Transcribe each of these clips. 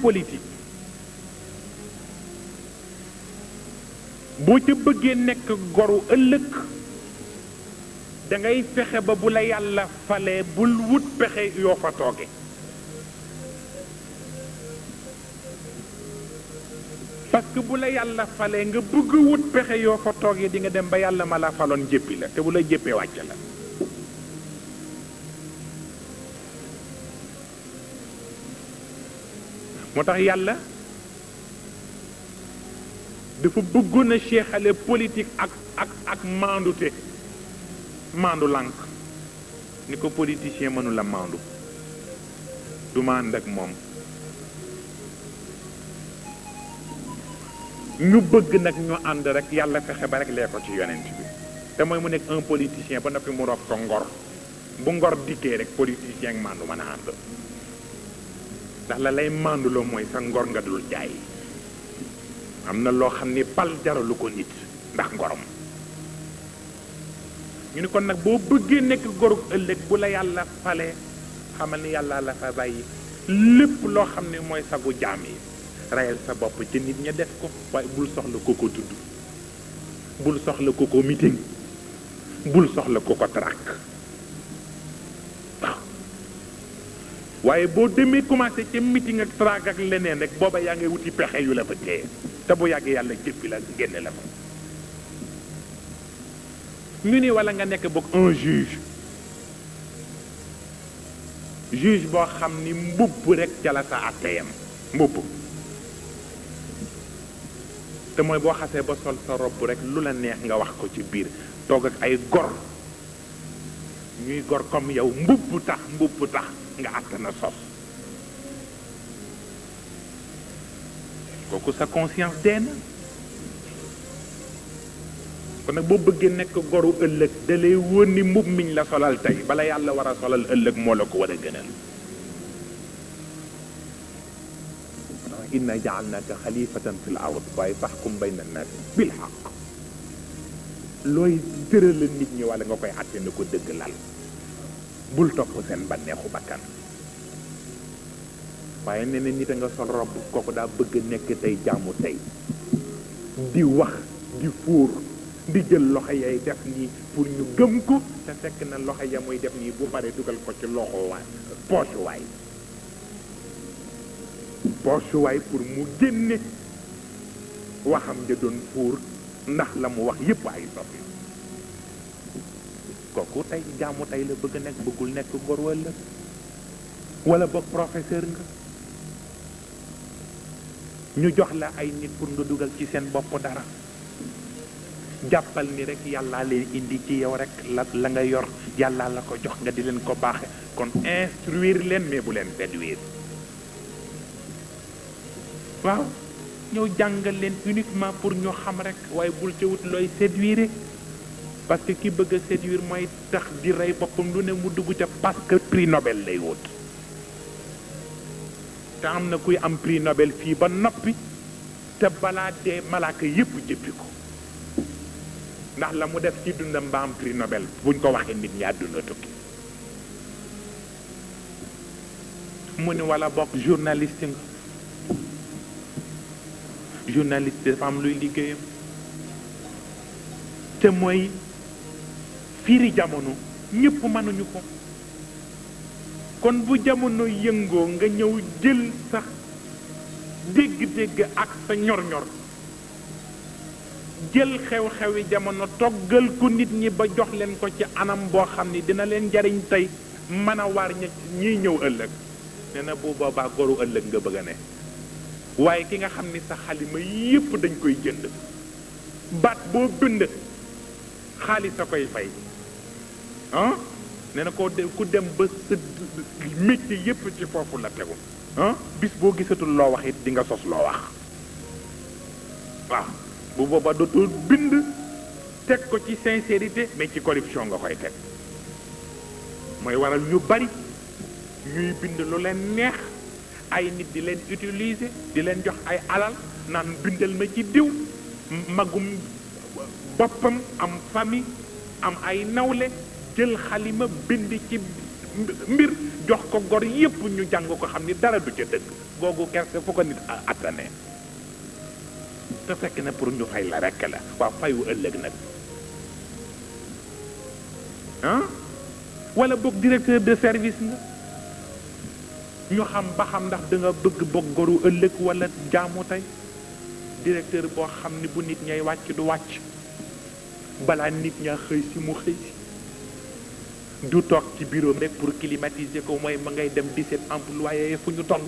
politique boo ca bëggee nekk goru ëllëg dangay fexe ba bu la yàlla falee bul wut pexe yoo fa tooge parce bu la yàlla falee nga bëgg wut pexe yoo fa tooge di nga dem ba yàlla ma la faloon jéppi la te bu la jéppee wàcc la moo tax yàlla dafa bëggoon a seexale politique ak ak ak maandute maandu lànk ni ko politicien mënula la maandu du ma ànd ak moom ñu bëgg nag ñu ànd rek yàlla fexe ba rek lee ko ci yonent bi te mooy mu nekk un politicien ba noppi mu rob ko ngor bu ngor dikkee rek politicien ak maandu mën a ànd ndax la lay manduloo mooy sa ngor nga dul jaay am na loo xam ni pal jaralu ko nit ndax ngorom ñu ni kon nag boo bëggee nekk gorug ëllëg bu la yàlla pale xamal ni yàlla la fa bàyyi lépp loo xam ne mooy sagu jaam yi rayal sa bopp ci nit ña def ko waaye bul soxla ko ko tudd bul soxla ko ko meeting bul soxla ko ko track waaye boo demee commencé ca meeting ak traag ak leneen rek booba yaa ngay wuti pexe yu la fa téye te bu yàggee yàlla jëppi la génne la fa ñu ni wala nga nekk boog un juge juge boo xam ni mbubb rek ca la sa àtteyam mbubb te mooy boo xasee ba sol sa robb rek lu la neex nga wax ko ci biir toog ak ay gor ñuy gor comme yow mbubb tax mbubb tax nga àttan a sos kooku sa conscience dee na kon nag boo bëggee nekk goru ëllëg da lay wóor ni mbubb miñ la solal tey bala yàlla war a solal ëllëg moo la ko war a gënal إنا جعلناك خليفة في الأرض باي فاحكم بين الناس بالحق لوي ترل نيت ني ولا غاكاي حاتي نكو دغلال bul topp seen bànneexu bakkan waaye nee na nit a nga sol rob kooku daa bëgg nekk tey jaamu tey di wax di fuur di jël loxo yay def nii pour ñu gëm ko te fekk na loxo ya muy def nii bu paree dugal ko ci loxo waay poche waay poche waay pour mu génne waxam ja doon fuur ndax la mu wax yépp ay soppi kooku tey jaamu tey la bëgg nekk bëggul nekk ngor wala wala boog professeur nga ñu jox la ay nit pour nga dugal ci seen bopp dara jàppal ni rek yàlla leen indi ci yow rek la la nga yor yàllaa la ko jox nga di leen ko baaxe kon instruire leen mais bu leen séduire waaw ñëw jàngal leen uniquement pour ñu xam rek waaye bul ci wut looy séduire parce que ki bëgg a séduire mooy tax di rey boppam lu ne mu dugg ca parce que prix Nobel lay wut te am na kuy am prix Nobel fii ba noppi te balaa dee malaaka yépp jëppi ko ndax la mu def ci dundam ba am prix Nobel buñ ko waxee nit ñi àdduna tukki mu ni wala bokk journaliste nga journaliste dafa am luy liggéeyam te mooy firi jamono ñëpp mënuñu ko kon bu jamono yëngoo nga ñëw jël sax dégg-dégg ak sa ñor-ñor jël xew-xewi jamono toggal ko nit ñi ba jox leen ko ci anam boo xam ni dina leen jariñ tey mën a waar ña ñiy ñëw ëllëg nee na bu boobaa goru ëllëg nga bëgg ne waaye ki nga xam ni sa xalima yépp dañ koy jënd baat boo bind xaalis a koy fay ah nee na koo de ku dem ba sa métier yépp ci foofu la tegu bis boo gisatul loo waxit it di nga sos loo wax waaw bu boobaa dootul bind teg ko ci sincérité mais ci corruption nga koy teg mooy waral ñu bari ñuy bind lu leen neex ay nit di leen utiliser di leen jox ay alal naan bindal ma ci diw magum boppam am famille am ay nawle jël xalima bind ci mbir jox ko gor yépp ñu jàng ko xam ni dara du ca dëgg googu kerse fu ko nit attane te fekk ne pour ñu fay la rek la waaw fayu ëllëg nag ah wala boog directeur de service nga ñu xam ba xam ndax da nga bëgg bokk goru ëllëg wala jaamu tey directeur boo xam ni bu nit ñay wàcc du wàcc balaa nit ñaa xëy si mu xëy si du toog ci bureau rek pour climatiser ko mooy ma ngay dem di seet employé fu ñu toll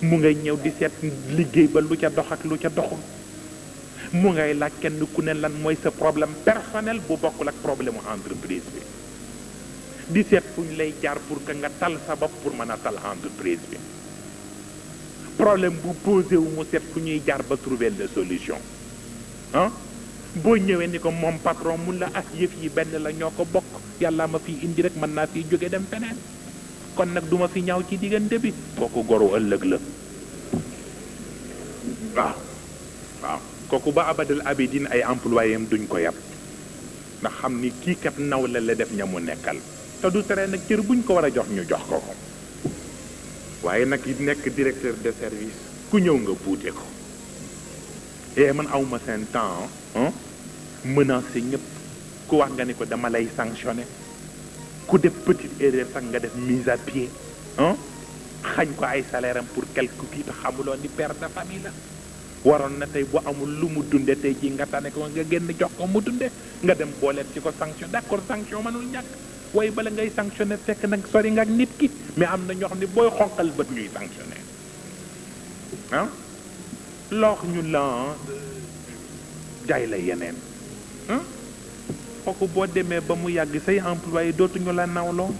mu ngay ñëw di seet liggéey ba lu ca dox ak lu ca doxul mu ngay laaj kenn ku ne lan mooy sa problème personnel bu bokkul ak problème mu entreprise bi di seet fu ñu lay jaar pour que nga tal sa bopp pour mën a tal entreprise bi problème bu posé wu mu seet fu ñuy jaar ba trouver la solution ah boo ñëwee ni ko moom patron mun la as yëf yi benn la ñoo ko bokk yàlla ma fi indi rek mën naa fi jóge dem feneen kon nag duma fi ñaw ci diggante bi kooku goro ëllëg la waaw waaw kooku ba abadal abidin ay employé am duñ ko yàpp ndax xam ni kii kat naw la la def ña nekkal te du tere nag cër buñ ko war a jox ñu jox ko ko waaye nag nekk directeur de service ku ñëw nga buute ko e man awma seen temps menacé ñëpp ku wax nga ne ko dama lay sanctionné ku def petite erreur sax nga def mise à pied xañ ko ay salaire pour quelque kii te xamuloo ni père de waroon na tey bu amul lu mu dundee tey jii nga tane ko nga génn jox ko mu dunde nga dem booleet ci ko sanction d'accord sanction mënul ñàkk waaye bala ngay sanctionné fekk nag sori nga ak nit ki mais am na ñoo xam ne booy xonqal bët ñuy sanctionné loox ñu la jaay la yeneen kooku boo demee ba mu yàgg say employé dootuñu la nawloo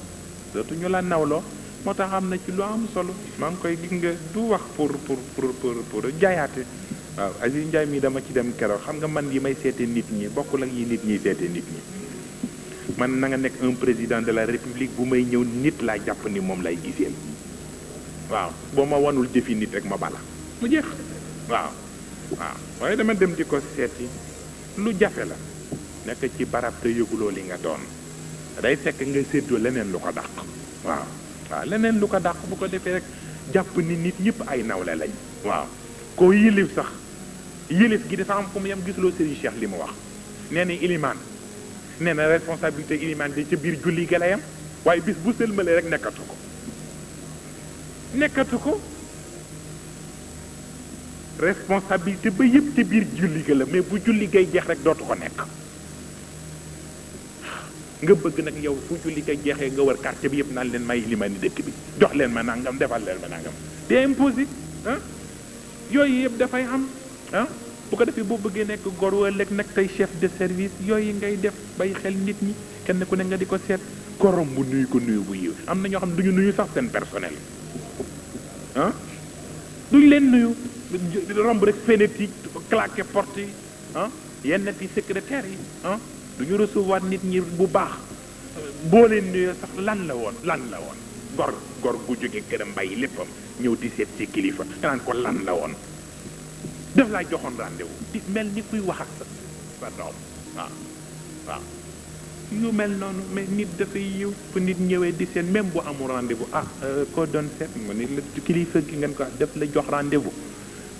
dootuñu la nawloo moo tax am na ci lu am solo maa ngi koy gis nga du wax pour pour pour pour pour jaayaate waaw Aziz njaay mii dama ci dem keroog xam nga man yi may seete nit ñi bokkul ak yi nit ñi seete nit ñi man nanga nekk un président de la république bu may ñëw nit laa jàpp ni moom lay giseel waaw boo ma wanul jëfi nit rek ma bala mu jeex waaw waaw waaye dama dem di ko seeti lu jafe la nekk ci barab te yëguloo li nga doon day fekk nga séddoo leneen lu ko dàq waaw waaw leneen lu ko dàq bu ko defee rek jàpp ni nit ñëpp ay nawle lañ waaw koo yilif sax yilif gi dafa am fu mu yem gisuloo Serigne Cheikh li mu wax nee na ilimaan nee na responsabilité ilimaan di ci biir julli galayam waaye bis bu sëlmale rek nekkatu ko nekkatu ko responsabilité ba yëpp ci biir julli ga la mais bu julli gay jeex rek dootu ko nekk nga bëgg nag yow fu julli gay jeexee nga war quartier bi yëpp naan leen may ni dëkk bi dox leen ma nangam defal leen ma nangam te imposé ah yooyu yëpp dafay am ah bu ko defee boo bëggee nekk gor ëllëg nag tey chef de service yooyu ngay def bay xel nit ñi kenn ku ne nga di ko seet korom bu nuyu ko nuyu bu yiw am na ñoo xam ne duñu nuyu sax seen personnel duñ leen nuyu romb rek fenêtre yi claqué porte yi ah yenn yi secrétaire yi ah duñu recevoir nit ñi bu baax boo leen nuyoo sax lan la woon lan la woon gor gor gu jóge këram bàyyi léppam ñëw di seet ci kilifa naan ko lan la woon def laa joxoon rendez di mel ni kuy wax ak sa sa doom waaw waaw ñu mel noonu mais nit dafay yiw bu nit ñëwee di seen même bu amul rendez-vous ah euh, ko doon seet mu nit la kilifa gi ngeen ko def la jox rendez-vous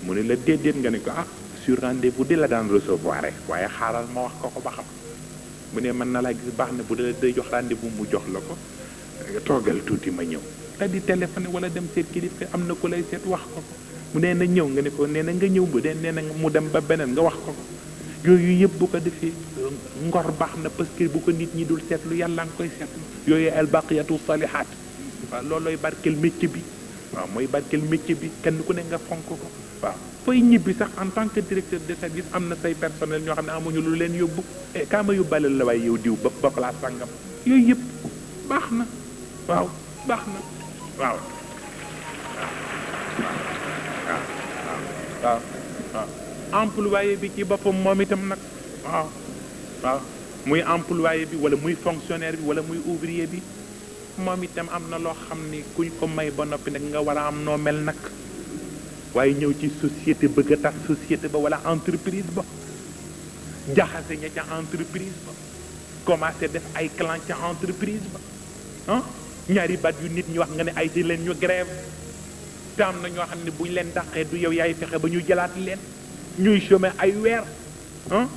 mu ne la déedéet nga ne ko ah sur rendez-vous di la daan recevoir rek waaye xaaral ma wax ko ko ba xam mu ne mën na laa baax na bu dee day jox rendez-vous mu jox la ko toogal tuuti ma ñëw te di téléphone wala dem seet kilifa am na ko lay seet wax ko ko mu nee na ñëw nga ne ko nee na nga ñëw bu dee nee na mu dem ba beneen nga wax ko ko yooyu yëpp bu ko defee. ngor baax na parce que bu ko nit ñi dul seetlu yàlla nga koy seetlu yooyu al baqiyatu salihat loolu loolooy barkeel métier bi waaw mooy barkeel métier bi kenn ku ne nga fonk ko waaw fooy ñibbi sax en tant que directeur de service am na say personnel ñoo xam ne amuñu lu leen yóbbu e kaa ma yóbbaale la waaye yow diw ba ba place sàngam yooyu yëpp baax na waaw baax na waaw waaw waaw waaw employé bi ci boppam moom itam nag waaw waaw muy employé bi wala muy fonctionnaire bi wala muy ouvrier bi moom itam am na loo xam ni kuñ ko may ba noppi nag nga war a am noo mel nag waaye ñëw ci société bëgg a tas société ba wala entreprise ba jaxase ña ca entreprise ba commencé def ay clan ca entreprise ba ah ñaari baat yu nit ñi wax nga ne ay di leen ñu grève te am na ñoo xam ne bu ñu leen dàqee du yow yaay fexe ba ñu jëlaat leen ñuy chômer ay weer ah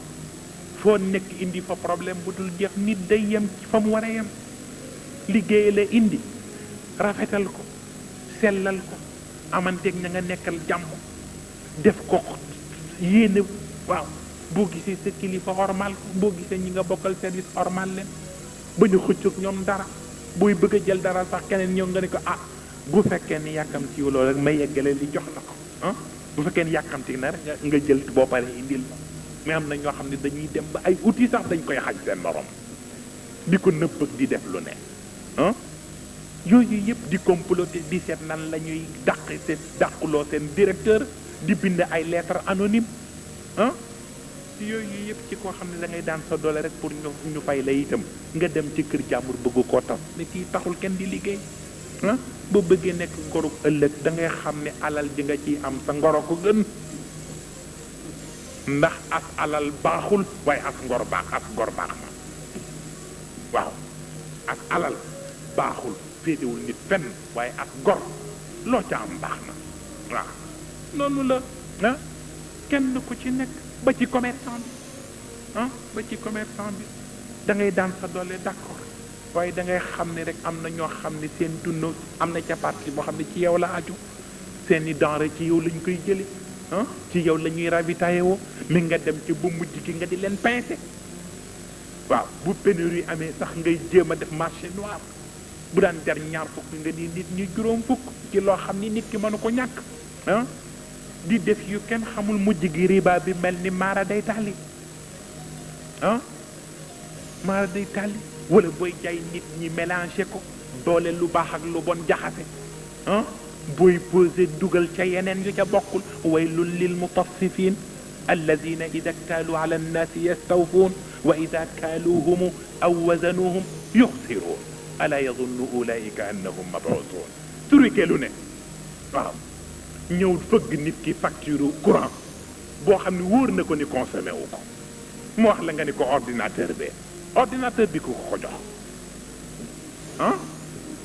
foo nekk indi fa problème bu dul jeex nit day yem ci fa mu war a yem liggéey la indi rafetal ko sellal ko amanteeg na nga nekkal jàmm def ko yéene waaw boo gisee sa kilifa ormal ko boo gisee ñi nga bokkal service ormal leen ba ñu xëccoog ñoom dara booy bëgg a jël dara sax keneen ñëw nga ne ko ah bu fekkee ni yàkkamti wu loolu rek ma yeggale li jox la ko ah bu fekkee ni yàkkamti na rek nga jël boo paree indil ma mais am na ñoo xam ne dañuy dem ba ay outils sax dañ koy xaj seen morom di ko nëbb ak di def lu ne ah yooyu yëpp di comploter di seet nan la ñuy dàq seen dàquloo seen directeur di bind ay lettres anonymes ah yooyu yëpp ci koo xam ne da ngay daan sa doole rek pour ñu ñu fay la itam nga dem ci kër jàmbur bëgg ko tas mais kii taxul kenn di liggéey boo bëggee nekk ngorug ëllëg da ngay xam ne alal ji nga ciy am sa ngoro ko gën ndax as alal baaxul waaye as ngor baax as ngor baax na waaw as alal baaxul féetewul nit fenn waaye as gor loo ca am baax na waaw noonu la ah, kenn ku ci nekk ba ci commerçant bi ah ba ci bi da ngay daan sa doole d'accord waaye da ngay xam ne rek am na ñoo xam ne seen dund am na ca boo xam ne ci yow la aju seeni i ci yow lañ koy jëlee. ci yow la ñuy ravitaillé woo mais nga dem ci bu mujj ki nga di leen pincé waaw bu pénurie amee sax ngay jéem a def marché noir bu daan jar ñaar fukk nga di nit ñi juróom fukk ci loo xam ni nit ki mënu ko ñàkk di def yu kenn xamul mujj gi riba bi mel ni maara day tàlli ah maara day tàlli wala booy jaay nit ñi mélangé ko doole lu baax ak lu bon jaxase بوي بوزي دوغل تيانين لك بقل ويل للمطففين الذين إذا اكتالوا على الناس يستوفون وإذا كالوهم أو وزنوهم يخسرون ألا يظن أولئك أنهم مبعوثون تري كالوني نعم نيود فق نفكي فاكتورو كران بو خامن وور نكو ني كونسومي وكو مو خلا غاني كو اورديناتور بي اورديناتور بي كو خو ها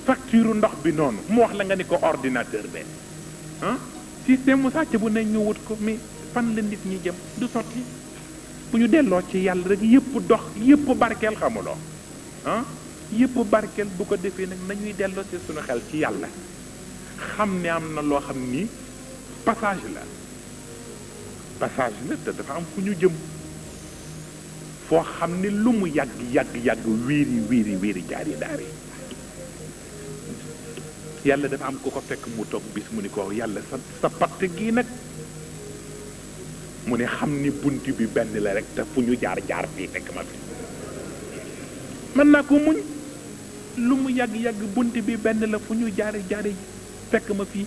facture ndox bi noonu mu wax la nga ne ko ordinateur be ah système mu sàcc bu ne ñu wut ko mi fan la nit ñi jëm du sotti bu ñu delloo ci yàlla rek yëpp dox yëpp barkeel xamuloo ah yëpp barkeel bu ko defee nag nañuy delloo ci suñu xel ci yàlla xam ne am na loo xam ni passage la passage la te dafa am fu ñu jëm foo xam ni lu mu yàgg yàgg yàgg wiiri wiiri wiiri jaari daari yàlla dafa am ko ko fekk mu toog bis mu ne ko yàlla sa sa patt gii nag mu ne xam ni bunt bi benn la rek te fu ñu jaar jaar fii fekk ma mën naa ko muñ lu mu yàgg yàgg bunt bi benn la fu ñu jaar jaar fekk ma fii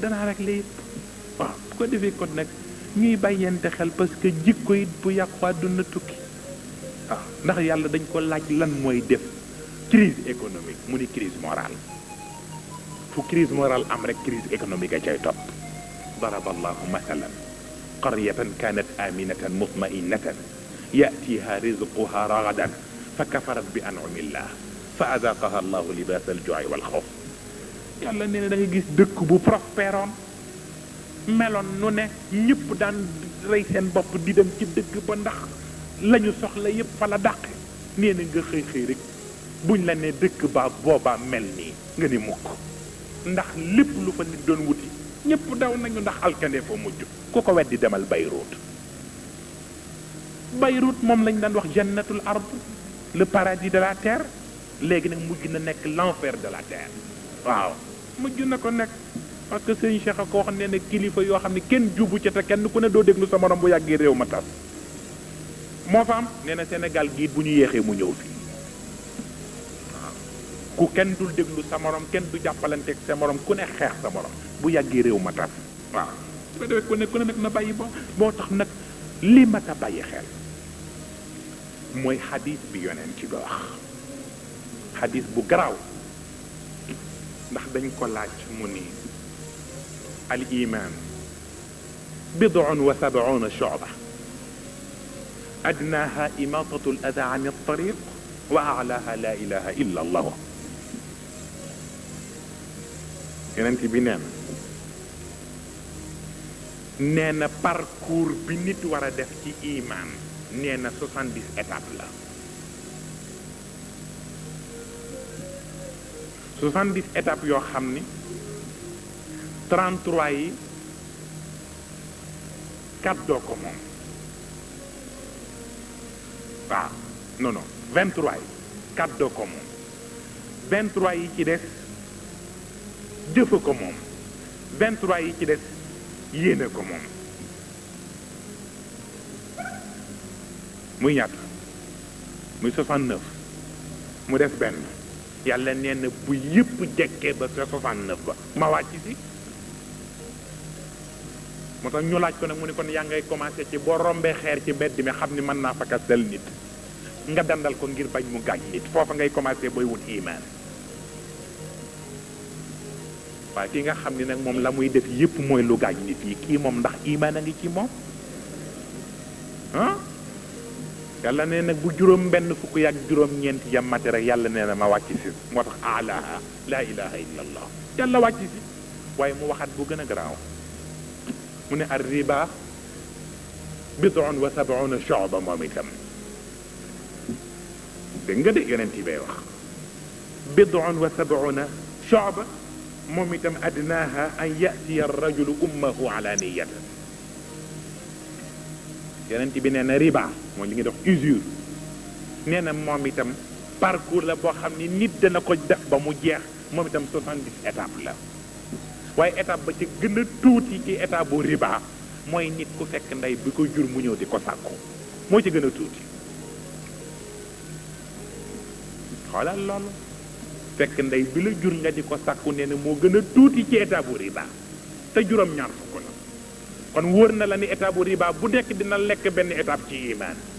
danaa rek la yëpp bu ko defee kon nag ñuy bàyyente xel parce que jikko it bu yàqu àdduna tukki waaw ndax yàlla dañ ko laaj lan mooy def crise économique mu ni crise morale كريز مورال am كريز crise économique ay ضرب الله مثلا قرية كانت آمنة مطمئنة يأتيها رزقها رغدا فكفرت بأنعم الله فأذاقها الله لباس الجوع والخوف يلا نينا داغي غيس دك بو بروسبيرون ملون نو ني نيب دان ري سين بوب دي دم سي دك با نخ لا نيو سوخلا ييب فلا داك نينا غا خي خي رك بوين لا ني دك با بوبا ملني غني موكو ndax lépp lu fa nit doon wuti ñëpp daw nañu ndax alkande fa mujj ku ko di demal Beyrouth Beyrouth moom lañ daan wax jannatul ard le paradis de la terre léegi nag mujj na nekk l'enfer de la terre waaw mujj na ko nekk parce que sëñ Cheikh a ko wax ne ne kilifa yoo xam ne kenn jubu ca te kenn ku ne doo déglu sa morom bu yàggee réew ma tas moo fa am nee na Sénégal gii bu ñu yéexee mu ñëw fii ku kenn dul déglu sa morom kenn du jàppalante ak sa morom ku ne xeex sa morom bu yàggee réew ma taf waaw dafa ko ku ne ku ne nag na bàyyi bon moo tax nag li ma ta bàyyi xel mooy xadis bi yonen ci ba wax xadis bu garaaw ndax dañ ko laaj mu ni al iman bidun wa sabuuna shuba أدناها إماطة الأذى عن الطريق وأعلاها لا إله إلا الله yonent bi nee na nee na parcours bi nit war a def ci imaan nee na soixante-dix étapes la soixante-dix étapes yoo xam ni trente-trois yi kàddoo ko moom waaw non vingt-trois yi kàddoo ko moom vingt-trois yi ci des jëfa ko moom 23 yi ci des yéene ko moom muy ñaata muy 69 mu def benn yàlla nee na bu yëpp jekkee ba sa 69 ba ma wàcc si moo tax ñu laaj ko nag mu ne kon yaa ngay commencé ci boo rombee xeer ci mbedd mi xam ne mën naa fakasal nit nga dandal ko ngir bañ mu gaañ nit foofa ngay commencé booy wut imaan waaye ki nga xam ne nag moom la muy def yépp mooy lu gaañ nit yi kii moom ndax imaan a ngi ci moom ah yàlla nee nag bu juróom benn fukk yàgg juróom ñeent ya mate rek yàlla nee na ma wàcc si moo tax alaha laa ilaha illa allah yàlla wàcc si waaye mu waxaat bu gën a garaaw mu ne ar riba bid'un wa sab'una shu'ba moom itam dégg nga de yonent yi bay wax bid'un wa sab'una shu'ba moom itam adnaaha an yatiya rajulu ummahu alaaniyatan yonent bi nee na riba mooy li nga dox usure nee na moom itam parcours la boo xam ni nit dana ko def ba mu jeex moom itam 70 étapes la waaye étape ba ci gën a tuuti ci étape bu riba mooy nit ku fekk ndey bi ko jur mu ñëw di ko sàkku moo ci gën a tuuti xoolal loolu fekk ndey bi la jur nga di ko sàkku nee na moo gën a tuuti ci état bu riba te juróom-ñaar fukk la kon wóor na la ni état bu riba bu nekk dina lekk benn étape ci imaan